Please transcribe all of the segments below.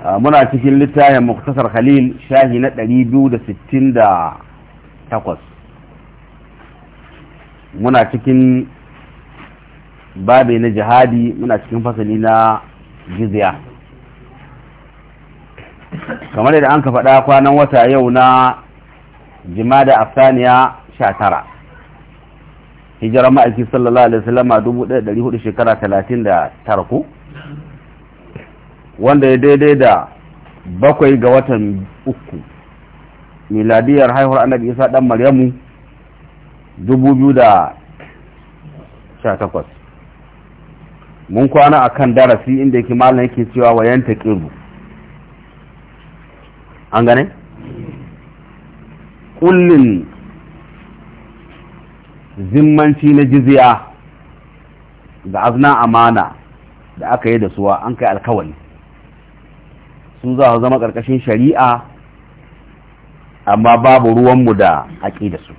Ah, muna cikin littafin muktasar khalil shahi na 268 muna cikin babe na jihadi muna cikin fasali na jizya kamar yadda an ka faɗa kwanan wata yau na jimada afsaniya 19 hijirar ma'aiki sallallahu alaihi wasallama 1400 shekara 39 ku. wanda ya daidai da bakwai ga watan uku miladiyar haihuwar annabi isa dan maryamu takwas mun kwana a kan darasi inda yake malam yake cewa wayanta kiru an gane kullin zimmanci na jiziya ga azna amana da aka yi da suwa an kai alkawali sun za zama ƙarƙashin shari'a amma babu ruwanmu da haƙi da su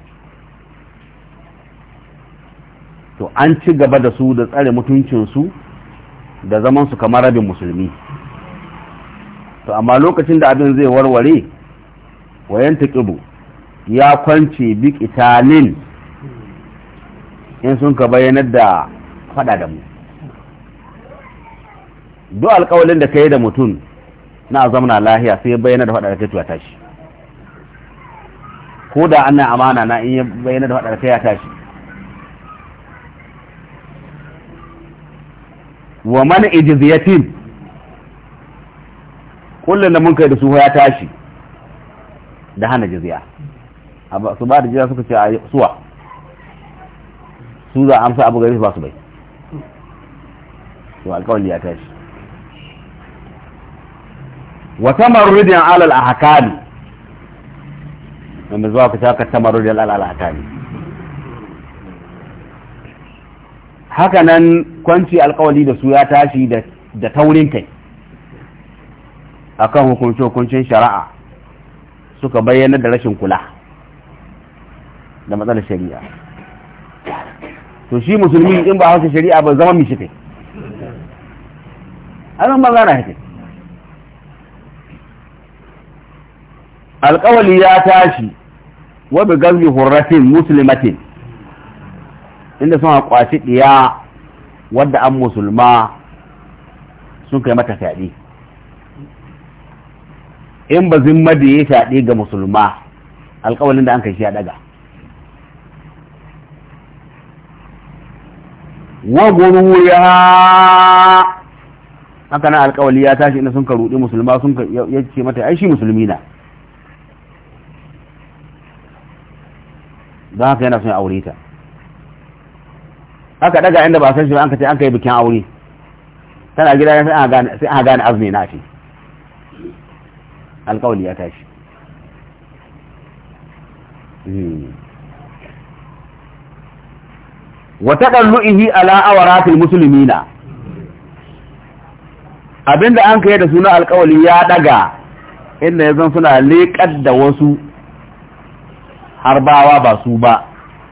to an ci gaba da su da tsare mutuncinsu da zaman su kamar rabin musulmi to amma lokacin da abin zai warware wayan taƙibu ya kwance bik italin in sun ka bayyanar da faɗa da mu duk alƙawalin da ka yi da mutum na zamana lahiya sai bayyana da faɗa da ta tashi ko da na amana na in ya bayyana da faɗa da ya tashi wa man ijziyatin kullun da mun kai da su ya tashi da hana jizya su ba da jizya suka ce a suwa su za amsa abu gari ba su bai to alƙawari ya tashi wata tamarrudin alal ahkami wanda zuwa ku saka tamarrudin alal ahkami haka nan kwanci alkawali da su ya tashi da taurin kai akan hukunci hukuncin shari'a suka bayyana da rashin kula da matsalar shari'a to shi musulmi in ba hausa shari'a ba zama mishi kai an magana haka alƙawali ya tashi wa bi gazmi hurratin muslimatin inda suna kwaci ɗiya wadda an musulma sun kai mata fyaɗe in ba zimma da ya fyaɗe ga musulma alƙawalin da an kai shi ya ɗaga wa ya haka nan alƙawali ya tashi inda sun ka ruɗi musulma sun ka yace mata ai shi musulmi na don haka yana son aure ta aka daga inda ba san shi ba an ka ce an kai bikin aure tana gida sai an gane azumi na ce alkawali ya tashi hmm. wata ƙallu'ihi ala musulmi na abinda an kai da suna alkawali ya daga inda ya zan suna leƙar da wasu harbawa ba su ba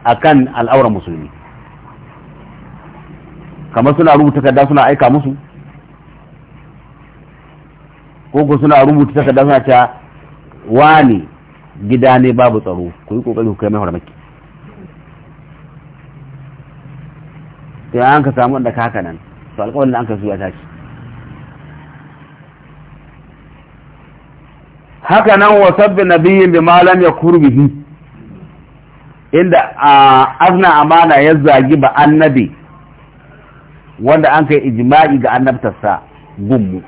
a kan al'auran musulmi kamar suna rubuta takarda suna aika musu ko ku suna rubuta takarda suna cewa wani gida ne babu tsaro ku yi kokari ku kai mai farmaki sai an ka samu da kaka nan to alƙawarin da an ka zuwa ta ce haka nan wa nabiyin bi malam ya kurbihi inda azna amana ya zagi ba annabi wanda an kai ijma'i ga annabtarsa gummu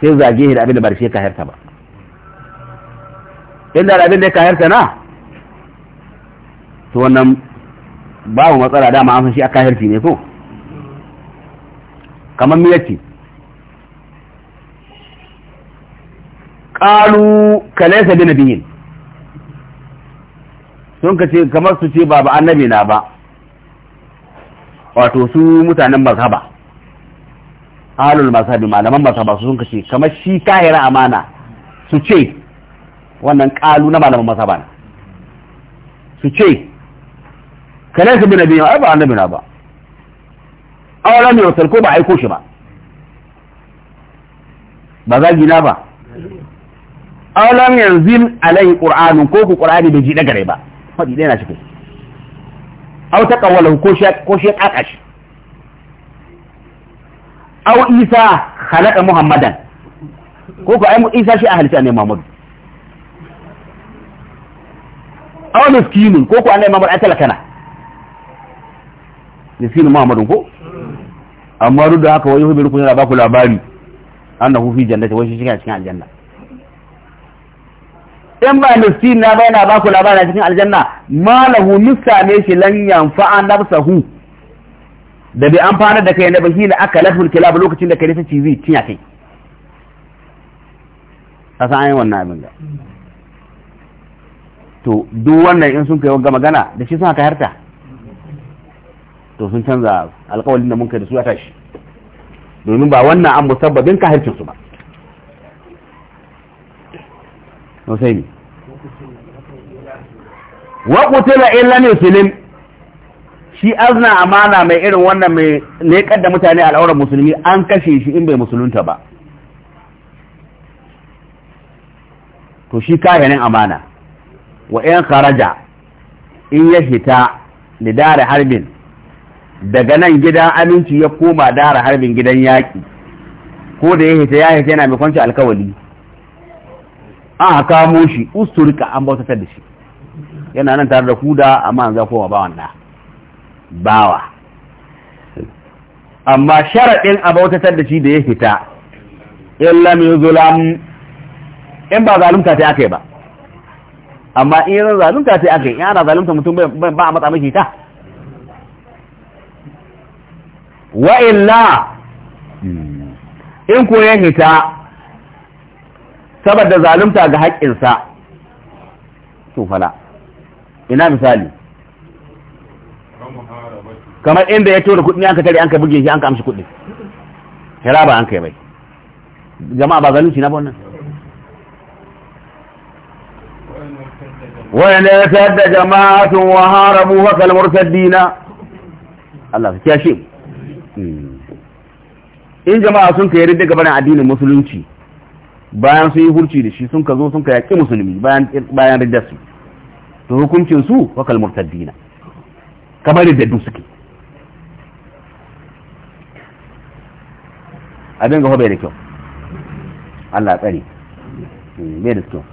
sai zage shi da abin da ba shi ka harta ba inda da abin da ka harta na to wannan babu matsala dama an san shi a kahirci ne ko kamar me yake qalu kalaysa bi sun ka ce kamar su ce ba ba annabi na ba wato su mutanen mazhaba alul mazhabi malaman mazhaba su sun ka ce kamar shi kahira amana su ce wannan kalu na malaman mazhaba na su ce kalai su bi nabi ai ba annabi na ba awala mai wasal ko ba aiko shi ba ba za gina ba awala yanzu alai qur'anun ko ku qur'ani bai ji dagare ba faɗi ɗaya na cikin au ta ƙawala ko shi ya ƙaƙa shi au isa halaka muhammadan ko ko ai mu isa shi a halitta ne muhammadu au miskinin ko ko annai muhammadu ai talakana miskinin muhammadu ko amma duk da haka wani hubiru kun yana ba ku labari annahu fi jannati wai shi shi cikin aljanna in ba miskin na ba yana ba ku labarin cikin aljanna malahu mista ne shi lan yanfa'a nafsahu da bai amfana da kai na ba shi aka lafin kilab lokacin da kai ta cizi cinya kai a san ayi wannan abin da to duk wannan in sun kai wanga magana da shi sun haka harta to sun canza alkawalin da mun kai da su ya tashi domin ba wannan an musabbabin kahircin su ba to sai ne wa qutila illa shi azna amana mai irin wannan mai lekar da mutane al'aurar musulmi an kashe shi in bai musulunta ba to shi kahinin amana wa ‘yan kharaja in ya hita lidara harbin daga nan gidan aminci ya koma dara harbin gidan yaƙi ko da ya hita ya hita yana mai kwanci alkawali an kamo shi usturika an bautatar da shi yana nan tare da kuda amma an za kowa bawan na bawa amma sharaɗin a bautatar da shi da ya fita in lam yuzlam in ba zalunta ta akai ba amma in yanzu zalunta ta akai in ana zalunta mutum ba a matsa mashi ta wa illa in ko ya hita saboda zalunta ga haƙƙinsa to fala ina misali kamar inda ya tura kuɗi an ka tare an ka buge shi an ka amshi kuɗi ba an kai bai jama'a ba zalunci na wannan wani ya jama'a jama'atun wa mu wa kalmar saddina Allah su kyashe in jama'a sun ka yarda daga barin addinin musulunci bayan sun yi hulci da shi sun ka zo sun ka yaƙi musulmi bayan rijarsu to hukuncin su kalmar murtaddina kamar dadu suke abin ga hobe da kyau Allah tsari, hmm, bai da kyau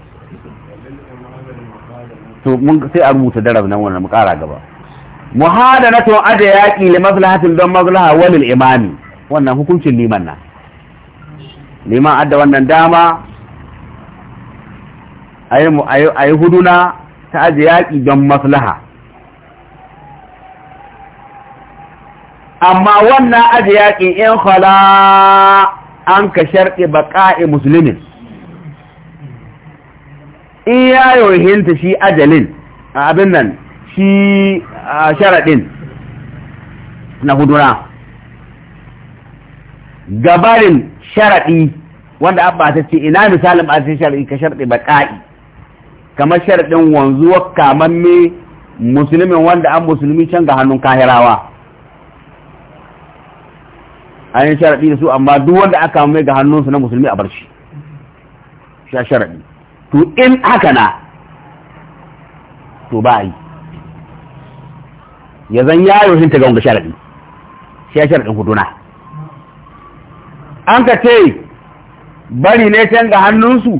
to mun sai a rubuta darab nan wannan mu kara gaba muhadanatu ada yaqi li maslahatin don maslaha walil imami wannan hukuncin liman nan liman adda wannan dama ayi yi huduna ta aji don maslaha amma wannan aji yaƙin in khala an ka sharɗi baƙa'i musulmin in ya yohinta shi ajalin abin nan shi sharaɗin na huduna gabarin sharaɗi wanda abba ta ce ina misalin ba sai sharaɗi ka sharaɗi ba ƙa'i kamar sharaɗin wanzuwar kamamme musulmin wanda an musulmi can ga hannun kahirawa an yi sharaɗi da su amma duk wanda aka mai ga hannunsu na musulmi a barshi sha sharaɗi to in haka na to ba yi ya zan yayo hinta ga wanda sharaɗi sha sharaɗin huduna an ka ce bari ne can ga hannunsu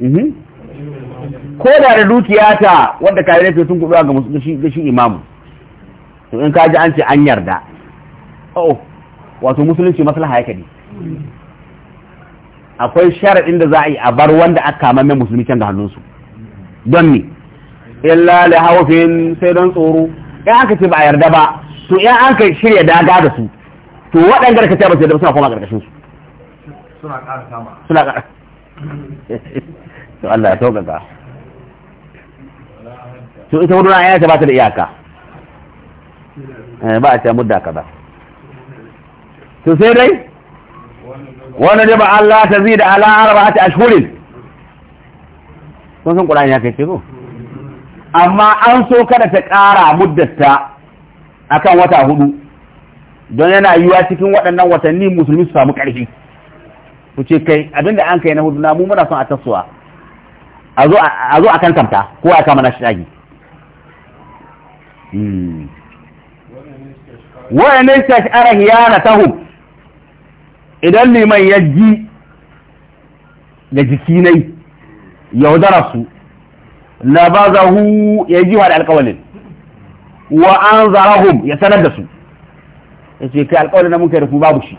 mhm. ko da da dukiya ta wadda kare ne tun kuɗuwa ga shi imamu to in ka ji an ce an yarda oh wato musulunci maslaha ya kadi akwai sharaɗin da za a yi a bar wanda aka kama mai musulmi can ga hannunsu don ni illa li hawfin sai don tsoro in aka ce ba a yarda ba to in an shirya daga da su to waɗanda da kace ba su da suna koma karkashin su suna ƙara kama suna ƙara to Allah ya taukaka to ita wurin ayata ba ta da iyaka eh, ba a ce mudda ba. to sai dai wani da ba Allah ta zai da ala arba ta ashhurin sun san ƙura'in ya kai ko amma an so kada ta ƙara muddata akan wata hudu don yana yiwuwa cikin waɗannan watanni musulmi su samu ƙarfi ku ce kai abinda an kai na huɗu na mu muna son a tasowa a zo a kan kamta ko a kama na shagi hmm. wani ne ta shi'ara hiyana tahu idan liman ya ji da jiki nai yaudara su hu, ya ji wa da alkawalin wa an zarahum ya sanar da su ya ce kai alƙawarin na muka da ku babu shi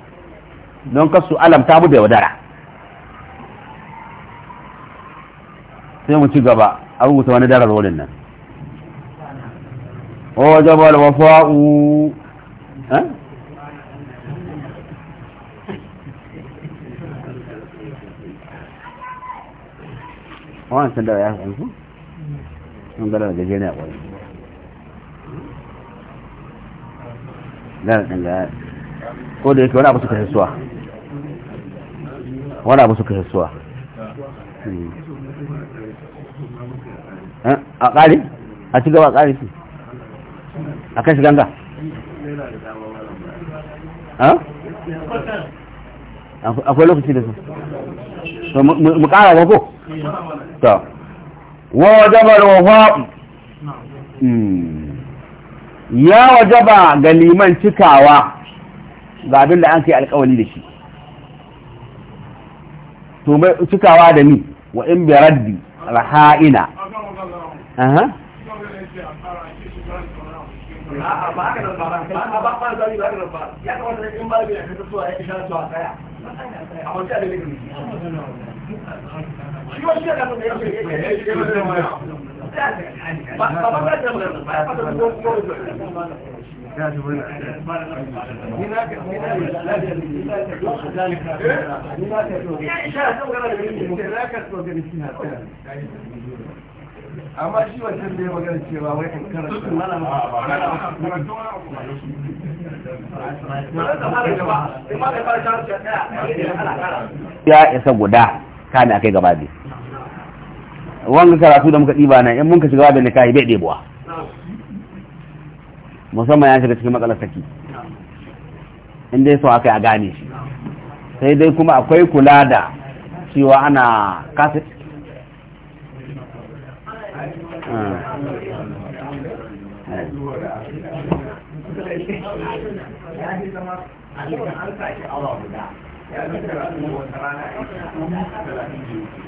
don kasu alamta mu da yaudara sai mu ci gaba a rubuta wani darar wurin nan o jabal wafa'u eh? wa'an sandara ya hankali sun gara da gajeriya ƙwari gara ɗin gara ko da yake wani abu suka hisuwa wani abu suka hisuwa hmm. a ƙari a ci gaba ƙari su a shiganga akwai lokaci da su mu ƙara ba ko? ya wajaba ga liman cikawa ga abin da an kai alkawali da shi to mai cikawa da ni wa in bi raddi raha'ina aha shi amma shi wancan da ya magana cewa wai in mana ba ba isa guda kana kai gaba biyu wanga karatu da muka ɗiba na in mun ka shiga babin nikahi bai ɗebuwa musamman ya shiga cikin matsalar saki in dai so aka yi a gane shi sai dai kuma akwai kula da cewa ana kasa a cikin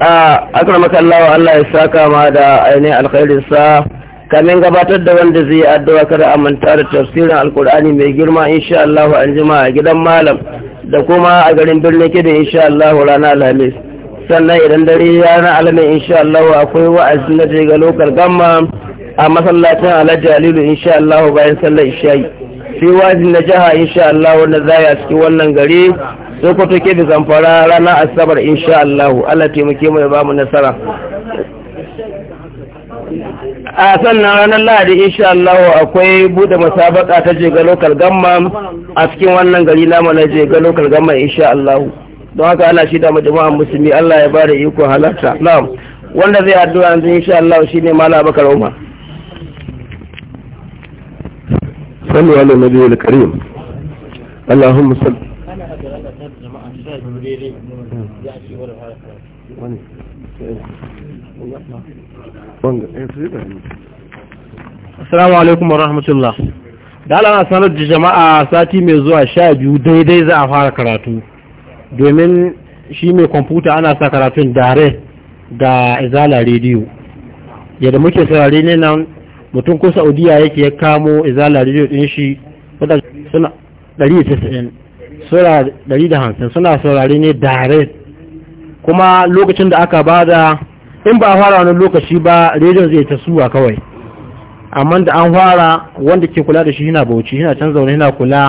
a akramaka Allah Allah ya saka ma da ainihin alkhairin sa kamin gabatar da wanda zai yi addu'a kada a manta da tafsirin alkur'ani mai girma insha Allah an jima a gidan malam da kuma a garin birnin kidan insha Allah rana alhamis sannan idan dare ya na insha Allah akwai wa'azi na daga lokar gamma a masallacin alhaji alilu insha Allah bayan sallar isha'i sai wa'azi na jiha insha Allah wanda za a cikin wannan gari sokoto ke da zamfara rana asabar insha Allah Allah taimake mu ya ba mu nasara a sannan ranar lahadi insha Allah akwai bude musabaka ta ga local gamma a cikin wannan gari namu na ga local gamma insha Allah don haka ana shida mu jama'a musulmi Allah ya bada iko halarta na'am wanda zai addu'a yanzu insha Allah shine malam Bakar Umar sallu ala nabiyil karim اللهم صل wani assalamu alaikum rahmatullah. da ana sanar da jama'a sati mai zuwa sha biyu daidai za a fara karatu domin shi mai kwamfuta ana sa karatun dare da izala rediyo yadda muke saurari ne nan mutum ko saudiya yake ya kamo izala rediyo din shi suna 190 da 150 suna saurari ne direct kuma lokacin da aka bada in ba a fara wani lokaci ba rediyon zai ta suwa kawai amma da an fara wanda ke kula da shi yana bauchi yana can zaune yana kula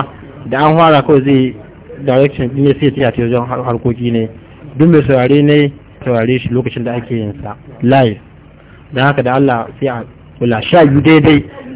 da an fara kawai zai direction ne sai ta yata harkoki ne duk mai saurare ne saurare shi lokacin da ake yin sa live don haka da Allah sai a kula sha biyu daidai